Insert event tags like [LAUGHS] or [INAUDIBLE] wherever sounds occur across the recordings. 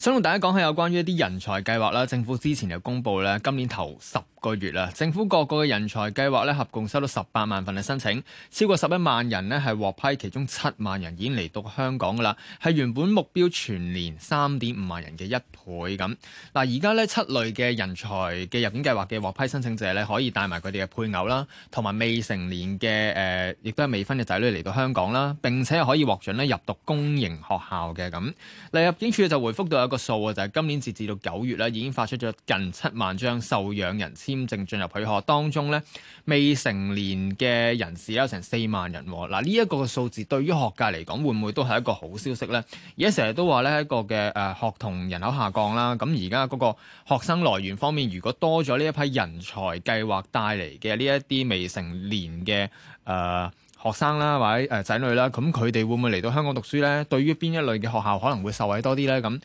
想同大家講下有關於一啲人才計劃啦，政府之前就公布咧，今年頭十個月啦，政府各個嘅人才計劃咧，合共收到十八萬份嘅申請，超過十一萬人咧係獲批，其中七萬人已經嚟到香港噶啦，係原本目標全年三點五萬人嘅一倍咁。嗱，而家呢七類嘅人才嘅入境計劃嘅獲批申請者咧，可以帶埋佢哋嘅配偶啦，同埋未成年嘅誒、呃，亦都係未婚嘅仔女嚟到香港啦，並且可以獲准咧入讀公營學校嘅咁。嗱，入境處就回覆到有一個數就係、是、今年截至到九月咧，已經發出咗近七萬張受養人。簽證進入佢學當中咧，未成年嘅人士有成四萬人。嗱，呢一個數字對於學界嚟講，會唔會都係一個好消息呢？而家成日都話呢一個嘅誒學童人口下降啦。咁而家嗰個學生來源方面，如果多咗呢一批人才計劃帶嚟嘅呢一啲未成年嘅誒、呃、學生啦，或者誒、呃、仔女啦，咁佢哋會唔會嚟到香港讀書呢？對於邊一類嘅學校可能會受惠多啲呢？咁。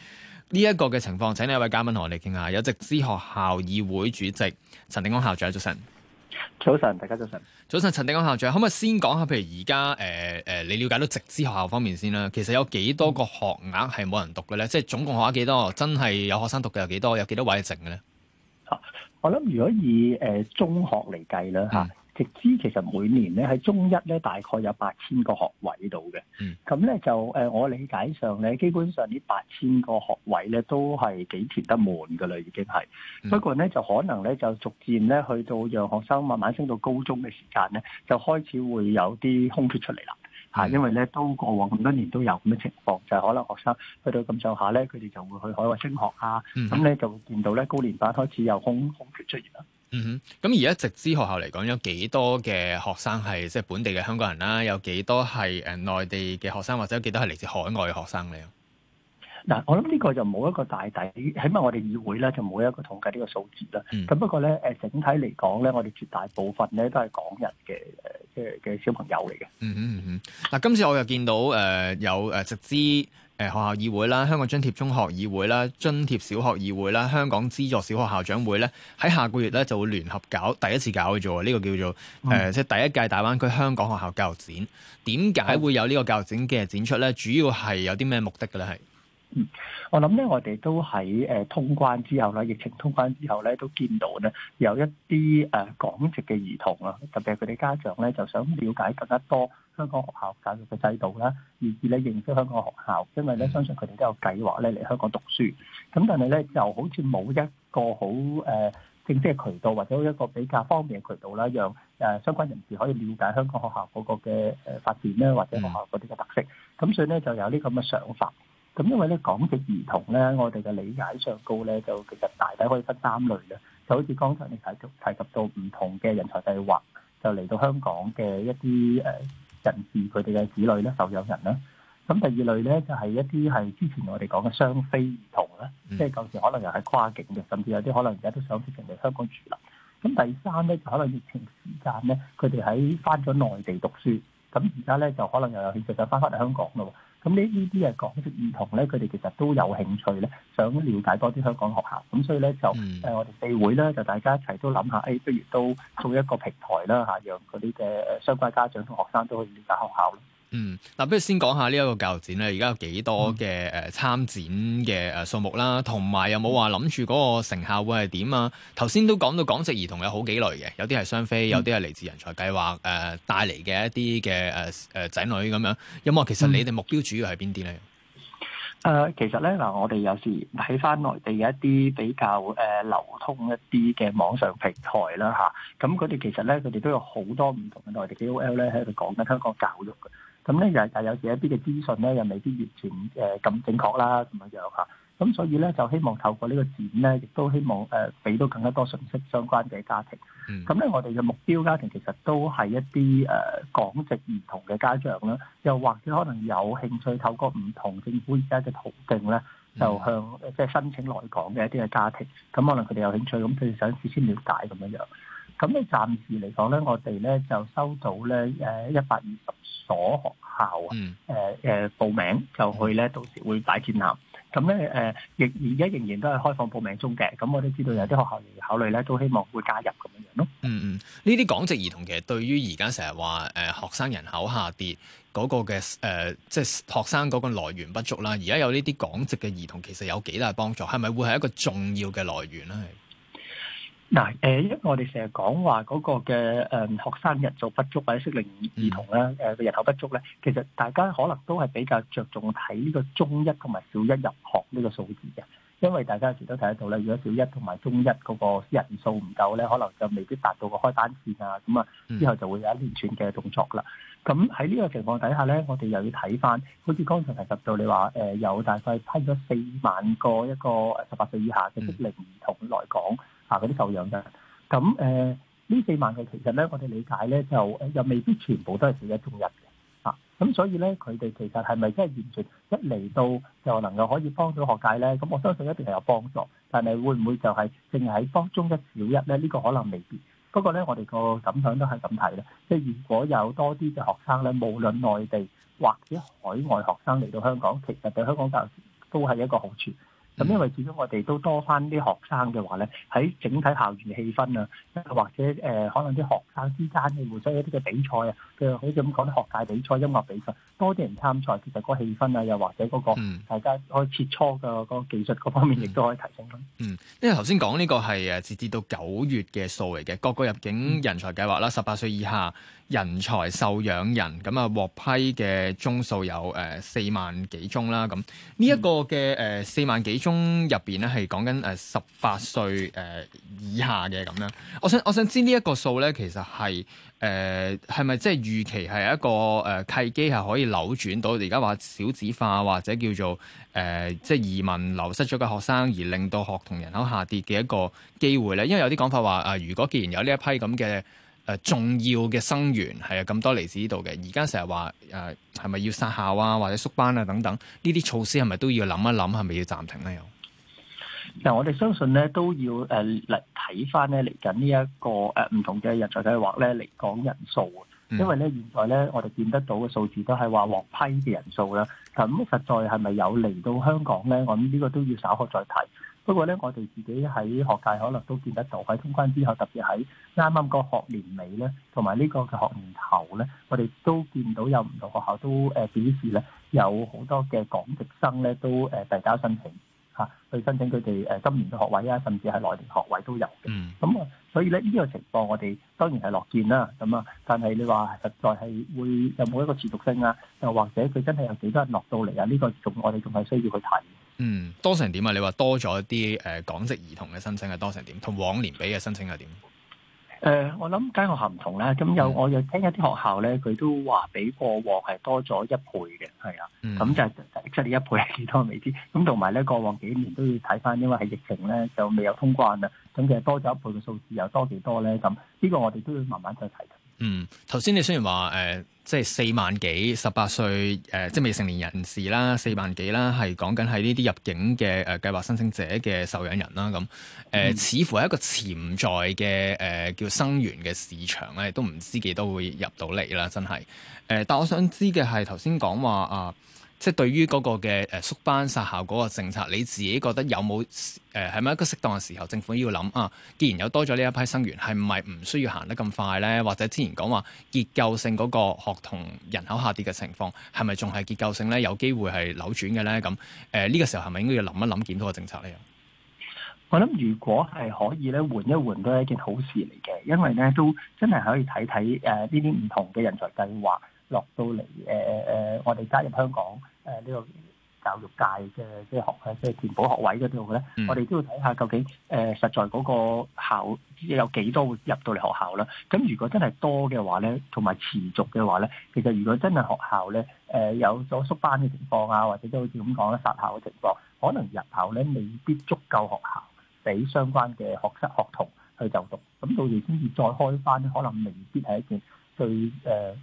呢一個嘅情況，請呢一位嘉賓同我哋傾下，有直資學校議會主席陳狄安校長。早晨，早晨，大家早晨，早晨，陳狄安校長，可唔可以先講下，譬如而家誒誒，你了解到直資學校方面先啦，其實有幾多個學額係冇人讀嘅咧？即係總共學咗幾多，真係有學生讀嘅有幾多，有幾多位剩嘅咧？啊，我諗如果以誒、呃、中學嚟計啦吓。嗯直資其實每年咧喺中一咧大概有八千個學位度嘅，咁咧、嗯、就誒、呃、我理解上咧，基本上呢八千個學位咧都係幾填得滿嘅啦，已經係。嗯、不過咧就可能咧就逐漸咧去到讓學生慢慢升到高中嘅時間咧，就開始會有啲空缺出嚟啦，嚇、嗯！因為咧都過往咁多年都有咁嘅情況，就係、是、可能學生去到咁上下咧，佢哋就會去海外升學啊，咁、啊、咧、嗯、就會見到咧高年班開始有空空缺出現啦。嗯、咁而家直資學校嚟講，有幾多嘅學生係即係本地嘅香港人啦？有幾多係誒內地嘅學生，或者有幾多係嚟自海外嘅學生咧？嗱，我諗呢個就冇一個大抵，起碼我哋議會咧就冇一個統計呢個數字啦。咁、嗯、不過咧，誒整體嚟講咧，我哋絕大部分咧都係港人嘅誒，即係嘅小朋友嚟嘅。嗯嗯嗯嗱，今次我又見到誒有誒直資。誒，學校議會啦，香港津貼中學議會啦，津貼小學議會啦，香港資助小學校長會咧，喺下個月咧就會聯合搞第一次搞咗呢、呢個叫做誒、哦呃，即係第一屆大灣區香港學校教育展。點解會有呢個教育展嘅展出咧？主要係有啲咩目的嘅咧？係？嗯，我諗咧，我哋都喺誒通關之後咧，疫情通關之後咧，都見到咧有一啲誒港籍嘅兒童啊，特別係佢哋家長咧，就想了解更加多香港學校教育嘅制度啦，而而咧認識香港學校，因為咧相信佢哋都有計劃咧嚟香港讀書。咁但係咧就好似冇一個好誒正式嘅渠道，或者一個比較方便嘅渠道啦，讓誒相關人士可以了解香港學校嗰個嘅誒發展咧，或者學校嗰啲嘅特色。咁所以咧就有呢個咁嘅想法。咁因為咧港籍兒童咧，我哋嘅理解上高咧，就其實大體可以分三類嘅。就好似剛才你提及提及到唔同嘅人才計劃，就嚟到香港嘅一啲誒、呃、人士佢哋嘅子女咧、受養人啦。咁第二類咧就係、是、一啲係之前我哋講嘅雙非兒童啦，嗯、即係舊時可能又係跨境嘅，甚至有啲可能而家都想直情嚟香港住啦。咁第三咧就可能疫情時間咧，佢哋喺翻咗內地讀書，咁而家咧就可能又有興趣就翻返嚟香港咯。咁呢呢啲啊，港式兒童咧，佢哋其實都有興趣咧，想了解多啲香港學校，咁所以咧就誒、嗯呃，我哋四會咧就大家一齊都諗下，誒、哎，不如都做一個平台啦，嚇，讓嗰啲嘅相關家長同學生都可以了解學校。嗯，嗱，不如先講下呢一個教育展咧，而家有幾多嘅誒參展嘅誒數目啦，同埋、嗯、有冇話諗住嗰個成效會係點啊？頭先都講到港籍兒童有好幾類嘅，有啲係雙非，有啲係嚟自人才計劃誒帶嚟嘅一啲嘅誒誒仔女咁樣。有冇話，其實你哋目標主要係邊啲咧？誒、呃，其實咧嗱，我哋有時睇翻內地嘅一啲比較誒流通一啲嘅網上平台啦吓，咁佢哋其實咧佢哋都有好多唔同嘅內地 KOL 咧喺度講緊香港教育咁咧又又有自己一啲嘅資訊咧，又未必完全誒咁正確啦，咁樣樣嚇。咁所以咧就希望透過呢個展咧，亦都希望誒俾到更加多信息相關嘅家庭。咁咧、嗯，我哋嘅目標家庭其實都係一啲誒港籍兒童嘅家長啦，又或者可能有興趣透過唔同政府而家嘅途徑咧，就向即係申請來港嘅一啲嘅家庭。咁可能佢哋有興趣，咁佢哋想事先了解咁樣樣。咁你暫時嚟講咧，我哋咧就收到咧誒一百二十所學校，誒誒報名就去咧，到時會擺展覽。咁咧誒，亦而家仍然都係開放報名中嘅。咁我都知道有啲學校仍然考慮咧，都希望會加入咁樣樣咯。嗯嗯，呢啲港籍兒童其實對於而家成日話誒學生人口下跌嗰個嘅誒，即係學生嗰個來源不足啦。而家有呢啲港籍嘅兒童，其實有幾大幫助？係咪會係一個重要嘅來源咧？嗱，誒、嗯，因為我哋成日講話嗰個嘅誒學生人數不足或者適齡兒童咧，誒人口不足咧，其實大家可能都係比較着重睇呢個中一同埋小一入學呢個數字嘅，因為大家有時都睇得到咧，如果小一同埋中一嗰個人數唔夠咧，可能就未必達到個開班線啊，咁啊之後就會有一連串嘅動作啦。咁喺呢個情況底下咧，我哋又要睇翻，好似剛，剛才提及到你話誒，有大概批咗四萬個一個十八歲以下嘅適齡兒童來講。啊！嗰啲受養嘅咁誒，呢四萬佢其實咧，我哋理解咧就誒，又未必全部都係小一中一嘅，啊！咁所以咧，佢哋其實係咪真係完全一嚟到就能夠可以幫到學界咧？咁我相信一定係有幫助，但係會唔會就係淨係幫中一小一咧？呢個可能未必。不過咧，我哋個感想都係咁睇啦，即係如果有多啲嘅學生咧，無論內地或者海外學生嚟到香港，其實對香港教育都係一個好處。咁、嗯、因為始終我哋都多翻啲學生嘅話咧，喺整體校園氣氛啊，或者誒、呃、可能啲學生之間嘅互相一啲嘅比賽啊，嘅好似咁講啲學界比賽、音樂比賽，多啲人參賽，其實嗰氣氛啊，又或者嗰個大家可以切磋嘅嗰個技術嗰方面，亦都可以提升。嗯、嗯，因為頭先講呢個係誒截至到九月嘅數嚟嘅，各個入境人才計劃啦，十八、嗯、歲以下人才受養人咁啊獲批嘅宗數有誒四萬幾宗啦，咁呢一個嘅誒四萬幾。中入面咧係講緊誒十八歲誒以下嘅，咁樣，我想我想知呢、呃、一個數咧其實係誒係咪即係預期係一個誒契機係可以扭轉到而家話少子化或者叫做誒即係移民流失咗嘅學生而令到學童人口下跌嘅一個機會咧，因為有啲講法話誒、呃、如果既然有呢一批咁嘅。誒、呃、重要嘅生源係啊咁多嚟自呢度嘅，而家成日話誒係咪要殺校啊或者縮班啊等等呢啲措施係咪都要諗一諗係咪要暫停咧？又嗱、呃，我哋相信咧都要誒嚟睇翻咧嚟緊呢一個誒唔同嘅人才計劃咧嚟講人數，因為咧現在咧我哋見得到嘅數字都係話獲批嘅人數啦。咁實在係咪有嚟到香港咧？我諗呢個都要稍後再睇。不過咧，我哋自己喺學界可能都見得到，喺通關之後，特別喺啱啱個學年尾咧，同埋呢個嘅學年頭咧，我哋都見到有唔同學校都誒表示咧，有好多嘅港籍生咧都誒遞交申請吓，去、啊、申請佢哋誒今年嘅學位啊，甚至係內地學位都有嘅。嗯，咁啊。所以咧呢個情況，我哋當然係樂見啦。咁啊，但係你話實在係會有冇一個持續性啊？又或者佢真係有幾多人落到嚟啊？呢個仲我哋仲係需要去睇。嗯，多成點啊？你話多咗啲誒港籍兒童嘅申請係多成點？同往年比嘅申請係點？誒、呃，我諗間學校唔同啦，咁有 Okay. 我又聽有啲學校咧，佢都話比過往係多咗一倍嘅，係啊，咁、mm. 就即係呢一倍係幾多未知，咁同埋咧過往幾年都要睇返，因為係疫情咧就未有通關啦，咁其實多咗一倍嘅數字又多幾多咧咁，呢個我哋都要慢慢再睇嘅。嗯，頭先、mm. 你雖然話誒。呃即係四萬幾十八歲誒，即係未成年人士啦，四萬幾啦，係講緊係呢啲入境嘅誒計劃申請者嘅受養人啦，咁誒、呃、似乎係一個潛在嘅誒、呃、叫生源嘅市場咧，都唔知幾多會入到嚟啦，真係誒、呃。但我想知嘅係頭先講話啊。呃即係對於嗰個嘅誒縮班殺校嗰個政策，你自己覺得有冇誒係咪一個適當嘅時候？政府要諗啊，既然有多咗呢一批生源，係咪唔需要行得咁快咧？或者之前講話結構性嗰個學童人口下跌嘅情況，係咪仲係結構性咧有機會係扭轉嘅咧？咁誒呢個時候係咪應該要諗一諗檢討個政策咧？我諗如果係可以咧，換一換都係一件好事嚟嘅，因為咧都真係可以睇睇誒呢啲唔同嘅人才計劃落到嚟誒誒，我哋加入香港。誒呢個教育界嘅即係學誒即係填補學位嗰度咧，嗯、我哋都要睇下究竟誒、呃、實在嗰個校有幾多會入到嚟學校啦。咁如果真係多嘅話咧，同埋持續嘅話咧，其實如果真係學校咧誒、呃、有咗縮班嘅情況啊，或者都好似咁講咧殺校嘅情況，可能入校咧未必足夠學校俾相關嘅學生學童去就讀，咁到時先至再開翻，可能未必係一件最誒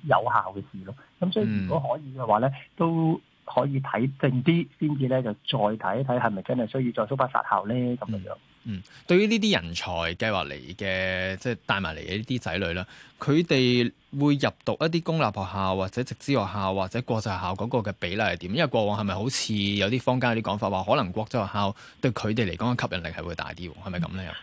有效嘅事咯。咁所以如果可以嘅話咧，都。可以睇正啲，先至咧就再睇睇，係咪真係需要再縮班殺校咧咁嘅樣。嗯，對於呢啲人才計劃嚟嘅，即係帶埋嚟嘅呢啲仔女啦，佢哋會入讀一啲公立學校或者直資學校或者國際學校嗰個嘅比例係點？因為過往係咪好似有啲坊間有啲講法話，可能國際學校對佢哋嚟講嘅吸引力係會大啲，係咪咁咧？嗯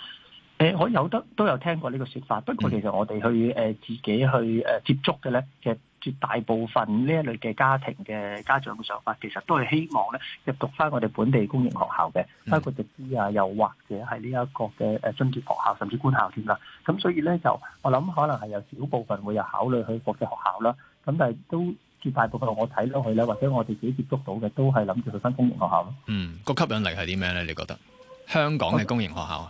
誒，我有得都有聽過呢個說法，不過其實我哋去誒、呃、自己去誒、呃、接觸嘅咧，其實絕大部分呢一類嘅家庭嘅家長嘅想法，其實都係希望咧入讀翻我哋本地公營學校嘅，嗯、包括直資啊，又或者係呢一個嘅誒津貼學校，甚至官校添啦。咁所以咧就我諗，可能係有少部分會有考慮去國際學校啦。咁但係都絕大部分我睇落去咧，或者我哋自己接觸到嘅，都係諗住去翻公營學校咯。嗯，個吸引力係啲咩咧？你覺得香港嘅公營學校？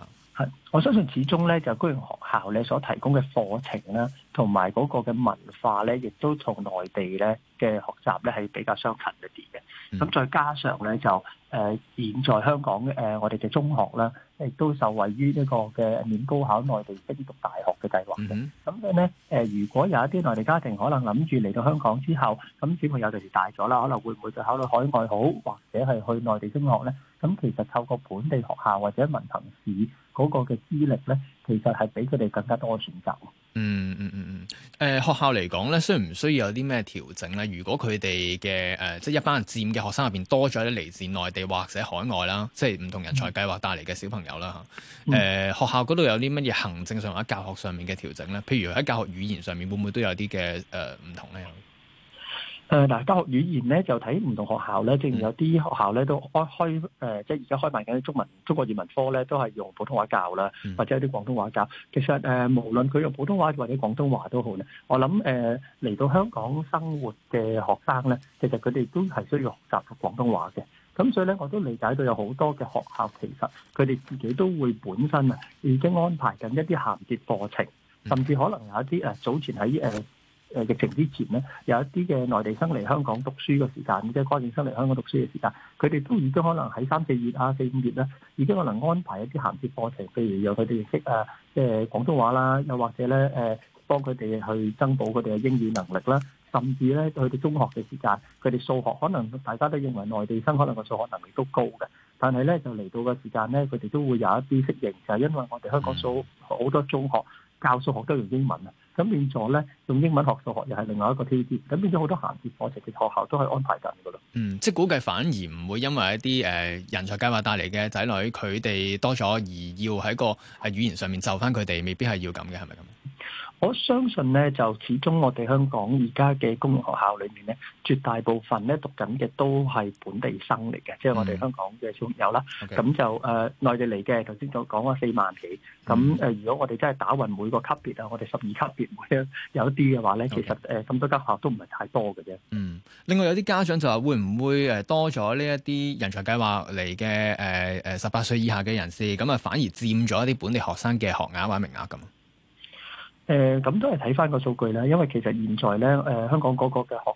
我相信始終咧，就公營學校咧所提供嘅課程啦，同埋嗰個嘅文化咧，亦都同內地咧嘅學習咧係比較相近一啲嘅。咁再加上咧就誒，現在香港誒我哋嘅中學啦，亦都受惠於呢個嘅免高考內地升讀大學嘅計劃嘅。咁樣咧誒，如果有一啲內地家庭可能諗住嚟到香港之後，咁小朋友到時大咗啦，可能會唔會再考慮海外好，或者係去內地中學咧？咁其實透過本地學校或者文憑試。嗰個嘅資歷咧，其實係比佢哋更加多嘅選擇。嗯嗯嗯嗯，誒、呃、學校嚟講咧，需唔需要有啲咩調整咧？如果佢哋嘅誒，即係一班人佔嘅學生入邊多咗啲嚟自內地或者海外啦，即係唔同人才計劃帶嚟嘅小朋友啦嚇。誒、呃、學校嗰度有啲乜嘢行政上或者教學上面嘅調整咧？譬如喺教學語言上面，會唔會都有啲嘅誒唔同咧？誒嗱，教、呃、學語言咧就睇唔同學校咧、嗯呃，即係有啲學校咧都開開誒，即係而家開辦緊中文、中國語文科咧，都係用普通話教啦，嗯、或者有啲廣東話教。其實誒、呃，無論佢用普通話或者廣東話都好咧，我諗誒嚟到香港生活嘅學生咧，其實佢哋都係需要學習廣東話嘅。咁所以咧，我都理解到有好多嘅學校其實佢哋自己都會本身啊已經安排緊一啲銜接課程，甚至可能有一啲誒、呃、早前喺誒。呃嗯誒疫情之前咧，有一啲嘅內地生嚟香港讀書嘅時間，即係跨境生嚟香港讀書嘅時間，佢哋都已經可能喺三四月啊、四五月咧、啊，已經可能安排一啲銜接課程，譬如有佢哋識啊，即係廣東話啦，又或者咧誒幫佢哋去增補佢哋嘅英語能力啦，甚至咧去到中學嘅時間，佢哋數學可能大家都認為內地生可能個數學能力都高嘅，但係咧就嚟到嘅時間咧，佢哋都會有一啲適應，就係、是、因為我哋香港數好多中學教數學都用英文啊。咁變咗咧，用英文學數學又係另外一個挑戰。咁變咗好多閒節課，直資學校都可以安排緊㗎喇。嗯，即係估計反而唔會因為一啲誒、呃、人才計劃帶嚟嘅仔女，佢哋多咗而要喺個誒語言上面就翻佢哋，未必係要咁嘅，係咪咁？我相信咧，就始終我哋香港而家嘅公營學校裏面咧，絕大部分咧讀緊嘅都係本地生嚟嘅，嗯、即係我哋香港嘅小朋友啦。咁、嗯、就誒、呃、內地嚟嘅，頭先就講咗四萬幾。咁誒、嗯，如果我哋真係打勻每個級別啊，我哋十二級別每一有一啲嘅話咧，嗯、其實誒咁、呃、多間學校都唔係太多嘅啫。嗯，另外有啲家長就話會唔會誒多咗呢一啲人才計劃嚟嘅誒誒十八歲以下嘅人士，咁啊反而佔咗一啲本地學生嘅學額或者名額咁。誒，咁、呃、都係睇翻個數據啦，因為其實現在咧，誒、呃、香港嗰個嘅學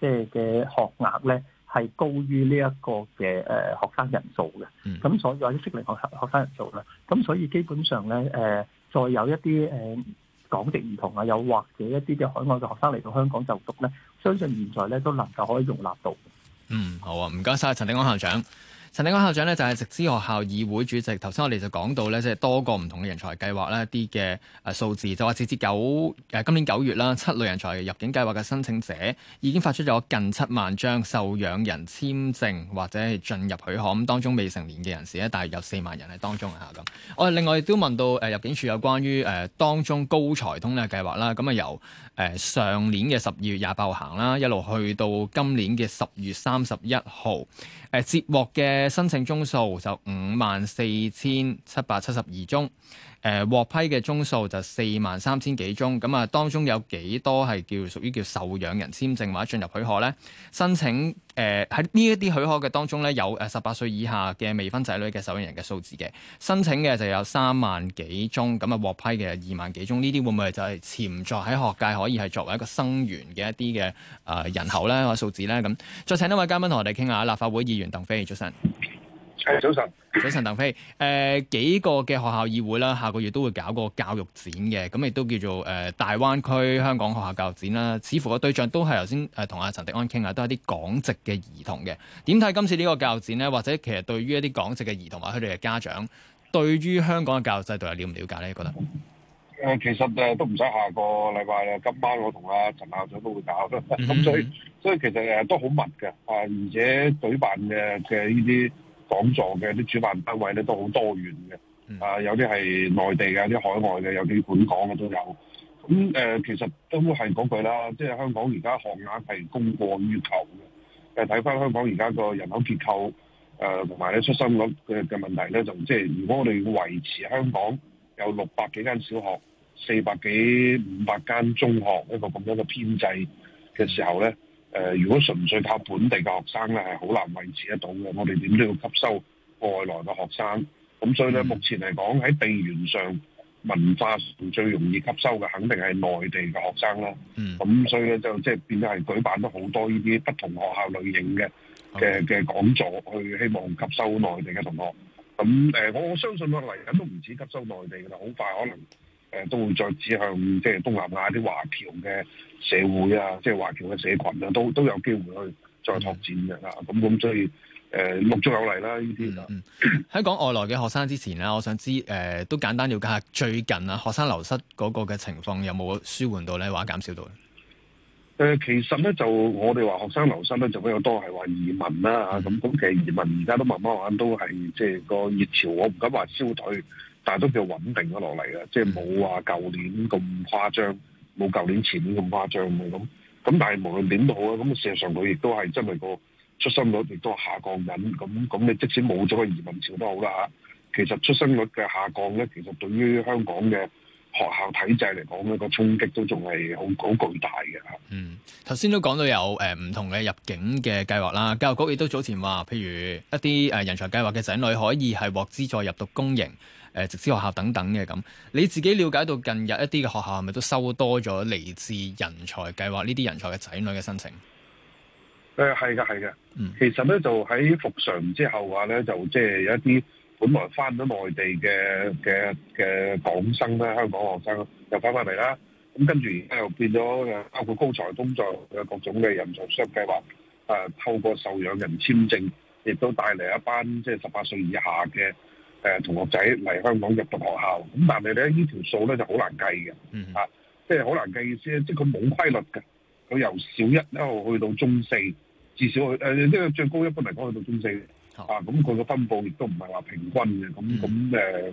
即係嘅學額咧係高於呢一個嘅誒學生人數嘅，咁所以或者適齡學學生人數啦，咁所以基本上咧，誒、呃、再有一啲誒、呃、港籍兒童啊，又或者一啲嘅海外嘅學生嚟到香港就讀咧，相信現在咧都能夠可以容納到。嗯，好啊，唔該晒陳狄安校長。陳狄安校長呢，就係直資學校議會主席。頭先我哋就講到呢，即係多個唔同嘅人才計劃咧，啲嘅誒數字就話、啊，截至九誒今年九月啦，七類人才入境計劃嘅申請者已經發出咗近七萬張受養人簽證或者係進入許可。咁當中未成年嘅人士呢，大約有四萬人喺當中啊。咁我哋另外亦都問到誒入境處有關於誒當中高才通嘅計劃啦。咁啊由誒上年嘅十二月廿八號行啦，一路去到今年嘅十月三十一號。誒接獲嘅申請宗數就五萬四千七百七十二宗。誒獲批嘅宗數就四萬三千幾宗，咁啊當中有幾多係叫屬於叫受養人簽證或者進入許可呢？申請誒喺呢一啲許可嘅當中呢，有誒十八歲以下嘅未婚仔女嘅受養人嘅數字嘅申請嘅就有三萬幾宗，咁啊獲批嘅二萬幾宗，呢啲會唔會就係潛在喺學界可以係作為一個生源嘅一啲嘅誒人口呢？個數字呢？咁再請一位嘉賓同我哋傾下立法會議員鄧飛，早晨。早晨，早晨鄧飛，誒、呃、幾個嘅學校議會啦，下個月都會搞個教育展嘅，咁亦都叫做誒、呃、大灣區香港學校教育展啦。似乎個對象都係頭先誒同阿陳狄安傾下，都係啲港籍嘅兒童嘅。點睇今次呢個教育展呢？或者其實對於一啲港籍嘅兒童啊，佢哋嘅家長對於香港嘅教育制度係了唔了解呢？你覺得？誒，其實誒都唔使下個禮拜，今晚我同阿陳校長都會搞咁 [LAUGHS] [LAUGHS] 所以所以其實誒都好密嘅，啊而且舉辦嘅嘅呢啲。講座嘅啲主辦單位咧都好多元嘅，嗯、啊有啲係內地嘅，啲海外嘅，有啲本港嘅都有。咁、嗯、誒、呃，其實都係講句啦，即係香港而家學額係供過於求嘅。誒睇返香港而家個人口結構，誒同埋咧出生率嘅嘅問題咧，就即係如果我哋維持香港有六百幾間小學、四百幾五百間中學一、這個咁樣嘅編制嘅時候咧。誒、呃，如果純粹靠本地嘅學生咧，係好難維持得到嘅。我哋點都要吸收外來嘅學生，咁所以咧，目前嚟講喺地緣上、文化最容易吸收嘅，肯定係內地嘅學生啦。咁、嗯、所以咧就即係變咗係舉辦咗好多呢啲不同學校類型嘅嘅嘅講座，去希望吸收內地嘅同學。咁誒、呃，我我相信個嚟緊都唔止吸收內地㗎啦，好快可能。誒都會再指向即係東南亞啲華僑嘅社會啊，即係華僑嘅社群啊，都都有機會去再拓展嘅、嗯呃、啦。咁咁所以誒，陸續有嚟啦呢啲。喺講 [COUGHS] 外來嘅學生之前咧，我想知誒、呃、都簡單瞭解下最近啊學生流失嗰個嘅情況有冇舒緩到咧，或者減少到？嗯嗯誒、呃、其實咧就我哋話學生留生咧就比較多，係話移民啦嚇咁咁，其實移民而家都慢慢玩，都係即係個熱潮，我唔敢話消退，但係都叫穩定咗落嚟啦，即係冇話舊年咁誇張，冇舊年前年咁誇張咁咁、嗯嗯。但係無論點都好啊，咁、嗯、事實上佢亦都係真係個出生率亦都下降緊。咁咁你即使冇咗個移民潮都好啦嚇，其實出生率嘅下降咧，其實對於香港嘅。學校體制嚟講，一、呢個衝擊都仲係好好巨大嘅吓。嗯，頭先都講到有誒唔、呃、同嘅入境嘅計劃啦。教育局亦都早前話，譬如一啲誒人才計劃嘅仔女可以係獲資助入讀公營誒直資學校等等嘅咁。你自己了解到近日一啲嘅學校係咪都收多咗嚟自人才計劃呢啲人才嘅仔女嘅申請？誒、呃，係嘅，係嘅。嗯，其實咧就喺復常之後話咧，就即係有一啲。本來翻到內地嘅嘅嘅港生咧，香港學生又翻返嚟啦。咁跟住而家又變咗，包括高才工作嘅各種嘅人才輸計劃，啊，透過受養人簽證，亦都帶嚟一班即係十八歲以下嘅誒同學仔嚟香港入讀學校。咁但係咧，呢條數咧就好難計嘅，啊，即係好難計意思即係佢冇規律嘅，佢由小一一路去到中四，至少去誒，即、呃、係最高一般嚟講去到中四。啊，咁佢嘅分布亦都唔係話平均嘅，咁咁誒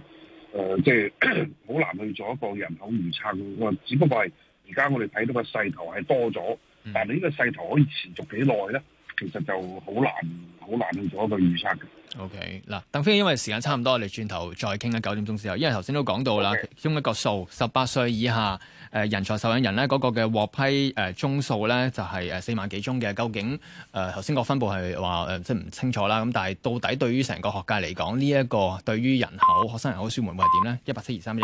誒，即係好 [COUGHS] 難去做一個人口預測。只不過係而家我哋睇到個勢頭係多咗，但你呢個勢頭可以持續幾耐咧？其實就好難，好難去做一個預測嘅。OK，嗱，鄧飛，因為時間差唔多，我哋轉頭再傾喺九點鐘之後。因為頭先都講到啦，Okay. 其中一個數，十八歲以下誒、呃、人才受養人咧，嗰個嘅獲批誒宗數咧就係、是、誒四萬幾宗嘅。究竟誒頭先個分布係話誒即係唔清楚啦。咁但係到底對於成個學界嚟講，呢、這、一個對於人口學生人口數目會係點咧？一百七二三億。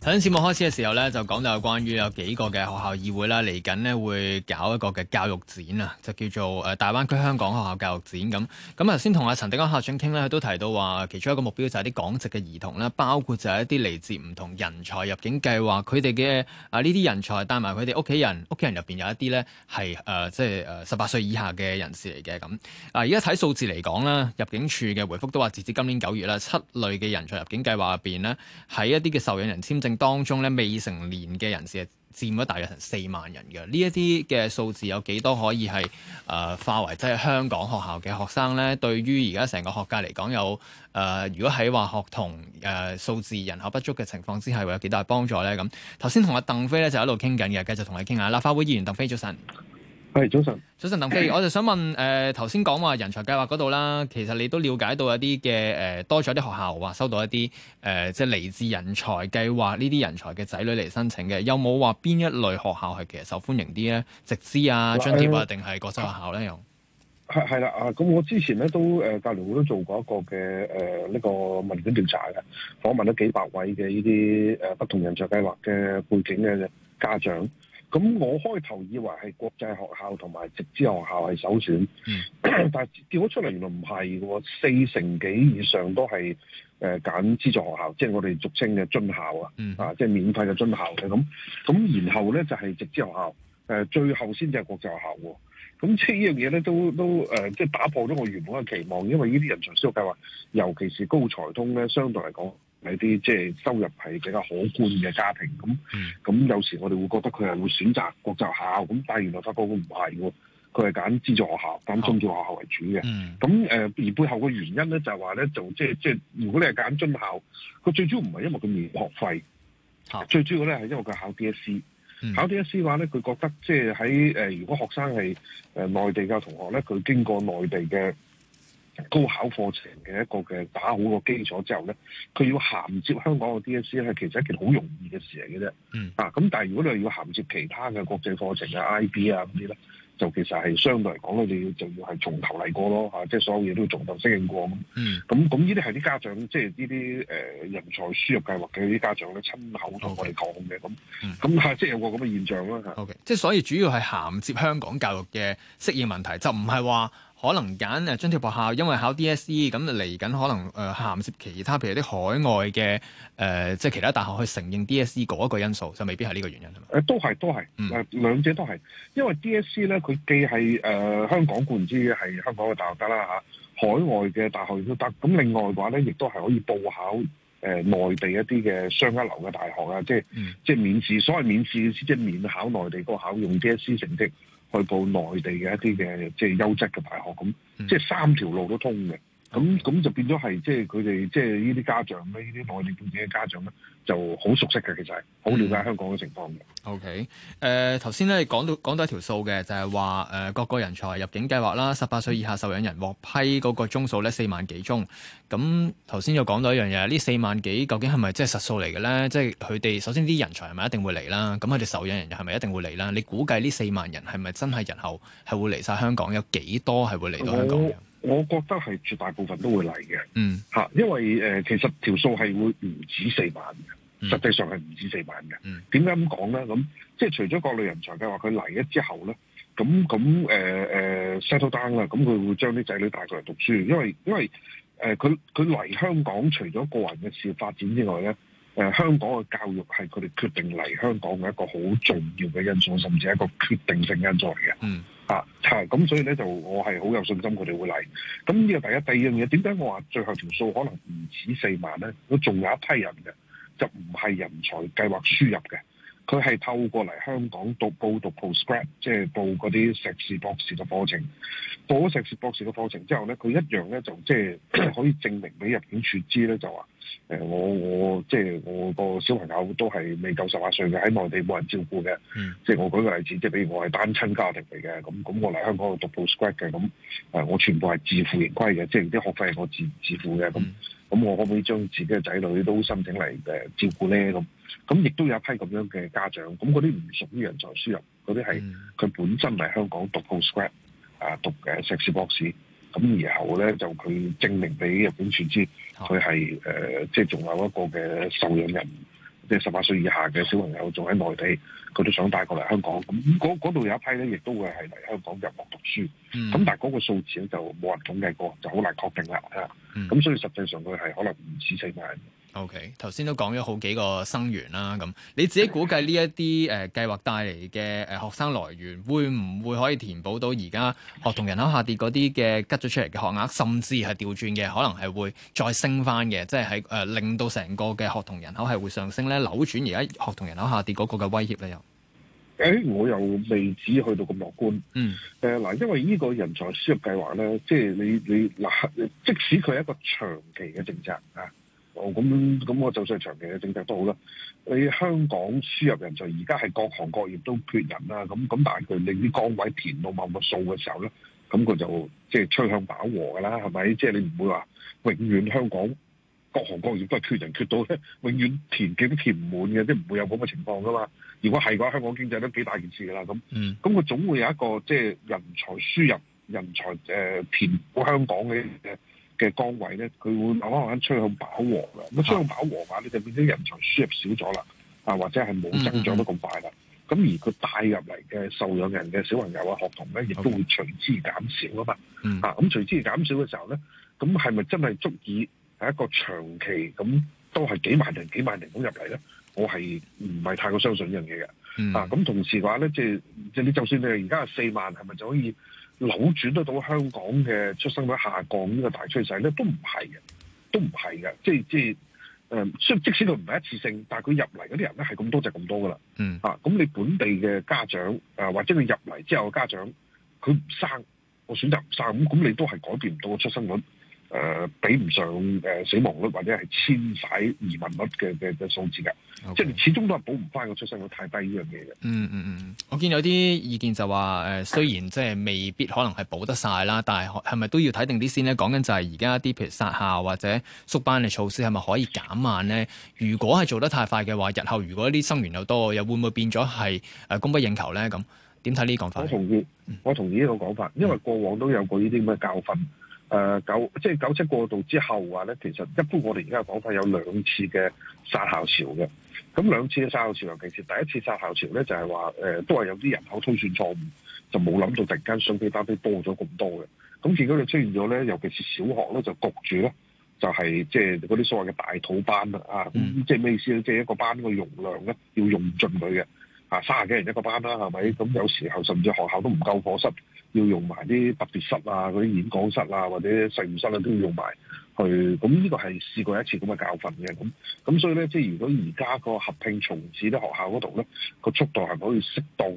喺節目開始嘅時候咧，就講到有關於有幾個嘅學校議會啦，嚟緊咧會搞一個嘅教育展啊，就叫做誒大灣區香港學校教育展咁。咁頭先同阿陳狄安校長傾咧，佢都提到話，其中一個目標就係啲港籍嘅兒童啦，包括就係一啲嚟自唔同人才入境計劃，佢哋嘅啊呢啲人才帶埋佢哋屋企人，屋企人入邊有一啲咧係誒即係誒十八歲以下嘅人士嚟嘅咁。嗱，而家睇數字嚟講啦，入境處嘅回覆都話，截至今年九月啦，七類嘅人才入境計劃入邊呢，喺一啲嘅受養人簽證。當中咧，未成年嘅人士係佔咗大約成四萬人嘅，呢一啲嘅數字有幾多可以係誒、呃、化為即係香港學校嘅學生咧？對於而家成個學界嚟講，有、呃、誒如果喺話學童誒數、呃、字人口不足嘅情況之下，會有幾大幫助咧？咁頭先同阿鄧飛咧就喺度傾緊嘅，繼續同你傾下立法會議員鄧飛，早晨。係早晨，早晨鄧飛， [COUGHS] 我就想問誒，頭先講話人才計劃嗰度啦，其實你都了解到一啲嘅誒，多咗啲學校話收到一啲誒、呃，即係嚟自人才計劃呢啲人才嘅仔女嚟申請嘅，有冇話邊一類學校係其實受歡迎啲咧？直資啊，津貼啊，定係國際學校咧？有係係啦啊，咁、啊啊啊、我之前咧都誒，教聯會都做過一個嘅誒，呢、啊這個文調問卷調查嘅，訪問咗幾百位嘅呢啲誒，不同人才計劃嘅背景嘅家長。咁我開頭以為係國際學校同埋直資學校係首選，嗯、但係結果出嚟原來唔係喎，四成幾以上都係誒揀資助學校，即、就、係、是、我哋俗稱嘅津校啊，啊即係免費嘅津校嘅咁。咁然後咧就係、是、直資學校，誒、呃、最後先至係國際學校喎。咁即係依樣嘢呢樣嘢咧都都誒，即、呃、係打破咗我原本嘅期望，因為呢啲人才輸入計劃，尤其是高才通咧，相對嚟講。係啲即係收入係比較可觀嘅家庭，咁咁、嗯、有時我哋會覺得佢係會選擇國際學校，咁但係原來發覺佢唔係喎，佢係揀資助學校，揀直資學校為主嘅。咁誒、嗯呃、而背後嘅原因咧就係話咧，就即係即係如果你係揀津校，佢最主要唔係因為佢免學費，嗯、最主要咧係因為佢考 DSE、嗯、考 DSE 話咧佢覺得即係喺誒如果學生係誒內地嘅同學咧，佢經過內地嘅。高考課程嘅一個嘅打好個基礎之後咧，佢要銜接香港嘅 DSE 係其實一件好容易嘅事嚟嘅啫。嗯。啊，咁但係如果你要銜接其他嘅國際課程啊、I.B. 啊咁啲咧，就其實係相對嚟講咧，你要就要係從頭嚟過咯嚇，即係所有嘢都要從頭適應過。嗯。咁咁呢啲係啲家長即係呢啲誒人才輸入計劃嘅啲家長咧親口同我哋講嘅咁。咁嚇即係有個咁嘅現象啦、嗯、OK。即係所以主要係銜接香港教育嘅適應問題，就唔係話。可能揀誒津貼學校，因為考 DSE 咁嚟緊，可能誒、呃、涵涉其他，譬如啲海外嘅誒、呃，即係其他大學去承認 DSE 嗰一個因素，就未必係呢個原因啊？誒，都係，都係、嗯，誒兩者都係，因為 DSE 咧，佢既係誒、呃、香港固然之於係香港嘅大學得啦嚇，海外嘅大學亦都得。咁另外嘅話咧，亦都係可以報考誒、呃、內地一啲嘅雙一流嘅大學啊，即係即係免試，所謂免試即係免，免考內地個考用 DSE 成績。去報內地嘅一啲嘅即係優質嘅大學，咁即係三條路都通嘅。咁咁、嗯、就變咗係，即係佢哋，即係呢啲家長，呢啲內地背景嘅家長咧，就好熟悉嘅，其實係好了解香港嘅情況嘅。O K. 誒頭先咧講到講到一條數嘅，就係話誒各個人才入境計劃啦，十八歲以下受養人獲批嗰個宗數咧，四萬幾宗。咁頭先就講到一樣嘢，呢四萬幾究竟係咪即係實數嚟嘅咧？即係佢哋首先啲人才係咪一定會嚟啦？咁佢哋受養人係咪一定會嚟啦？你估計呢四萬人係咪真係日後係會嚟晒香港？有幾多係會嚟到香港？我覺得係絕大部分都會嚟嘅，嚇、嗯，因為誒、呃、其實條數係會唔止四萬嘅，嗯、實際上係唔止四萬嘅。點解咁講咧？咁即係除咗各類人才計劃，佢嚟咗之後咧，咁咁誒誒 settle down 啦，咁佢會將啲仔女帶過嚟讀書，因為因為誒佢佢嚟香港，除咗個人嘅事業發展之外咧，誒、呃、香港嘅教育係佢哋決定嚟香港嘅一個好重要嘅因素，甚至係一個決定性因素嚟嘅。嗯。啊，係咁，所以咧就我係好有信心，佢哋會嚟。咁呢個第一、第二樣嘢，點解我話最後條數可能唔止四萬咧？我仲有一批人嘅，就唔係人才計劃輸入嘅，佢係透過嚟香港讀報讀 post-grad，即係報嗰啲碩士、博士嘅課程。報咗碩士、博士嘅課程之後咧，佢一樣咧就即係可以證明俾入境處知咧，就話。誒，我即我即係我個小朋友都係未夠十八歲嘅，喺內地冇人照顧嘅。即係我舉個例子，即係比如我係單親家庭嚟嘅，咁咁我嚟香港讀 postgrad 嘅，咁誒、呃、我全部係自負盈虧嘅，即係啲學費係我自自負嘅。咁咁我可唔可以將自己嘅仔女都申請嚟誒照顧咧？咁咁亦都有一批咁樣嘅家長，咁嗰啲唔屬於人才輸入，嗰啲係佢本身嚟香港讀 postgrad 嘅，讀誒碩士博士，咁然後咧就佢證明俾日本全資。佢係誒，即係仲有一個嘅受養人，即係十八歲以下嘅小朋友，仲喺內地，佢都想帶過嚟香港。咁嗰度有一批咧，亦都會係嚟香港入學讀書。咁、嗯、但係嗰個數字咧就冇人統計過，就好難確定啦。嚇，咁所以實際上佢係可能唔止四萬。OK，頭先都講咗好幾個生源啦，咁你自己估計呢一啲誒計劃帶嚟嘅誒學生來源，會唔會可以填補到而家學童人口下跌嗰啲嘅吉咗出嚟嘅學額，甚至係調轉嘅，可能係會再升翻嘅，即係誒、呃、令到成個嘅學童人口係會上升咧，扭轉而家學童人口下跌嗰個嘅威脅咧又？誒、欸，我又未止去到咁樂觀，嗯，誒嗱、呃，因為呢個人才輸入計劃咧，即係你你嗱，即使佢係一個長期嘅政策啊。咁咁我就算係長期嘅政策都好啦。你香港輸入人才，而家係各行各業都缺人啦。咁咁但係佢令啲崗位填到某個數嘅時候咧，咁佢就即係趨向飽和㗎啦，係咪？即係你唔會話永遠香港各行各業都係缺人缺到咧，永遠填極都填唔滿嘅，即係唔會有咁嘅情況㗎嘛。如果係嘅話，香港經濟都幾大件事㗎啦。咁，咁佢、嗯、總會有一個即係人才輸入、人才誒、呃、填補香港嘅。嘅崗位咧，佢會慢慢慢慢趨向飽和嘅，咁啊趨向飽和嘅話，你、啊、就變咗人才輸入少咗啦，啊或者係冇增長得咁快啦，咁、嗯嗯、而佢帶入嚟嘅受養人嘅小朋友啊、學童咧，亦都會隨之減少、嗯、啊嘛，啊、嗯、咁隨之減少嘅時候咧，咁係咪真係足以係一個長期咁都係幾萬人、幾萬人咁入嚟咧？我係唔係太過相信呢樣嘢嘅？啊咁、嗯嗯、同時嘅話咧，即係即係你就算你而家四萬，係咪就可以？扭轉得到香港嘅出生率下降呢個大趨勢咧，都唔係嘅，都唔係嘅，即係即係誒，即使佢唔係一次性，但係佢入嚟嗰啲人咧係咁多就咁多噶啦，嗯啊，咁你本地嘅家長誒或者你入嚟之後嘅家長，佢唔生，我選擇唔生咁，咁你都係改變唔到個出生率。誒比唔上誒死亡率或者係遷徙移民率嘅嘅嘅數字㗎，Okay. 即係始終都係補唔翻個出生率太低呢樣嘢嘅。嗯嗯嗯，我見有啲意見就話誒、呃，雖然即係未必可能係補得晒啦，但係係咪都要睇定啲先呢？講緊就係而家啲譬如殺校或者縮班嘅措施係咪可以減慢呢？如果係做得太快嘅話，日後如果啲生源又多，又會唔會變咗係誒供不應求咧？咁點睇呢個講法？我同意，我同意呢個講法，因為過往都有過呢啲咁嘅教訓。誒、呃、九即係九七過渡之後啊咧，其實一般我哋而家講法有兩次嘅殺校潮嘅，咁兩次嘅殺校潮尤其是第一次殺校潮咧，就係話誒都係有啲人口推算錯誤，就冇諗到突然間雙非單非多咗咁多嘅，咁結果就出現咗咧，尤其是小學咧就焗住咧，就係即係嗰啲所謂嘅大肚班啊，啊，嗯嗯、即係咩意思咧？即係一個班嘅容量咧要用盡佢嘅，啊，卅幾人一個班啦，係咪？咁有時候甚至學校都唔夠課室。要用埋啲特別室啊、嗰啲演講室啊，或者實驗室啊，都要用埋去。咁呢個係試過一次咁嘅教訓嘅。咁咁所以咧，即係如果而家個合併重置啲學校嗰度咧，個速度係咪可以適當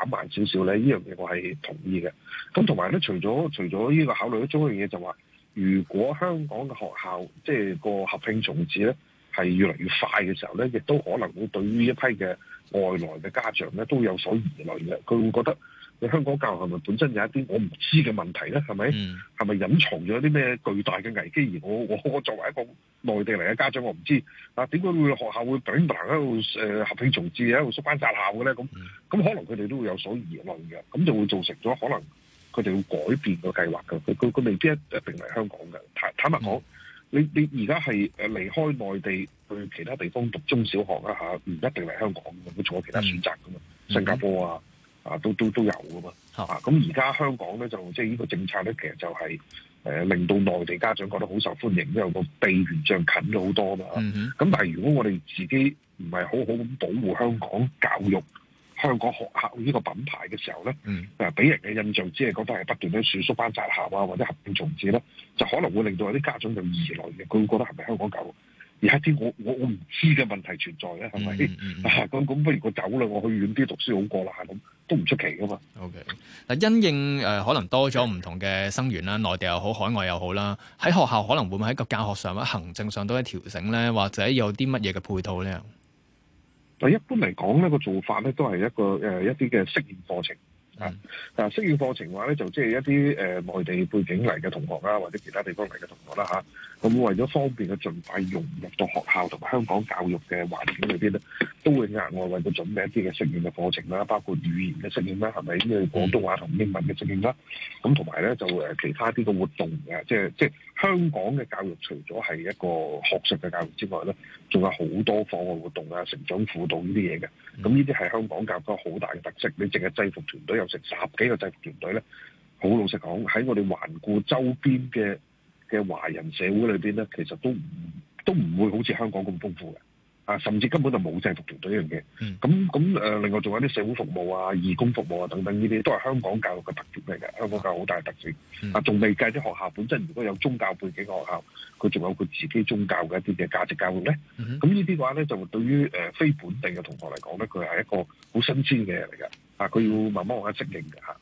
減慢少少咧？呢樣嘢我係同意嘅。咁同埋咧，除咗除咗呢個考慮到中一樣嘢，就話如果香港嘅學校即係個合併重置咧係越嚟越快嘅時候咧，亦都可能會對於一批嘅外來嘅家長咧都有所疑慮嘅。佢會覺得。香港教育係咪本身有一啲我唔知嘅問題咧？係咪係咪隱藏咗啲咩巨大嘅危機？而我我我作為一個內地嚟嘅家長，我唔知啊，點解會學校會突然喺度誒合併重置，喺度縮班殺校嘅咧？咁咁、嗯、可能佢哋都會有所疑慮嘅，咁就會造成咗可能佢哋會改變個計劃嘅。佢佢佢未必一定嚟香港嘅。坦坦白講，你你而家係誒離開內地去其他地方讀中小學啊吓，唔一定嚟香港嘅，會做其他選擇噶嘛，新加坡啊。啊，都都都有噶嘛，啊，咁而家香港咧就即係呢個政策咧，其實就係、是、誒、呃、令到內地家長覺得好受歡迎，因為個地緣上近咗好多嘛。咁、mm hmm. 但係如果我哋自己唔係好好咁保護香港教育、香港學校呢個品牌嘅時候咧，mm hmm. 啊俾人嘅印象只係覺得係不斷喺縮縮班、殺校啊，或者合併重置咧，就可能會令到有啲家長就疑慮嘅，佢會覺得係咪香港舊？而一啲我我我唔知嘅問題存在咧，係咪、嗯嗯、啊？咁咁，不如我走啦，我去遠啲讀書好過啦，咁都唔出奇噶嘛。O K，嗱，因應誒、呃、可能多咗唔同嘅生源啦，內地又好，海外又好啦，喺學校可能會唔會喺個教學上或行政上都係調整咧，或者有啲乜嘢嘅配套咧？但一般嚟講呢個做法咧都係一個誒、呃、一啲嘅適應課程。啊！適應課程嘅話咧，就即係一啲誒內地背景嚟嘅同學啦，或者其他地方嚟嘅同學啦嚇。咁為咗方便嘅儘快融入到學校同香港教育嘅環境裏邊咧，都會額外為佢準備一啲嘅適應嘅課程啦，包括語言嘅適應啦，係咪咩廣東話同英文嘅適應啦？咁同埋咧就誒其他啲嘅活動嘅，即係即係香港嘅教育除咗係一個學術嘅教育之外咧，仲有好多課外活動啊、成長輔導呢啲嘢嘅。咁呢啲係香港教育一個好大嘅特色。你淨係制服團隊有。成十幾個制服團隊咧，好老實講，喺我哋環顧周邊嘅嘅華人社會裏邊咧，其實都唔都唔會好似香港咁豐富嘅。啊，甚至根本就冇制服團隊一樣嘅，咁咁誒，另外仲有啲社會服務啊、義工服務啊等等呢啲，都係香港教育嘅特色嚟嘅。香港教育好大嘅特色，啊、嗯，仲未計啲學校本身如果有宗教背景嘅學校，佢仲有佢自己宗教嘅一啲嘅價值教育咧。咁、嗯、哼呢啲嘅話咧，就對於誒非本地嘅同學嚟講咧，佢係一個好新鮮嘅嚟嘅，啊，佢要慢慢學下適應嘅吓。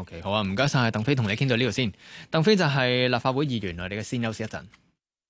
OK，好啊，唔該晒，鄧飛同你傾到呢度先。鄧飛就係立法會議員，我哋嘅先休息一陣。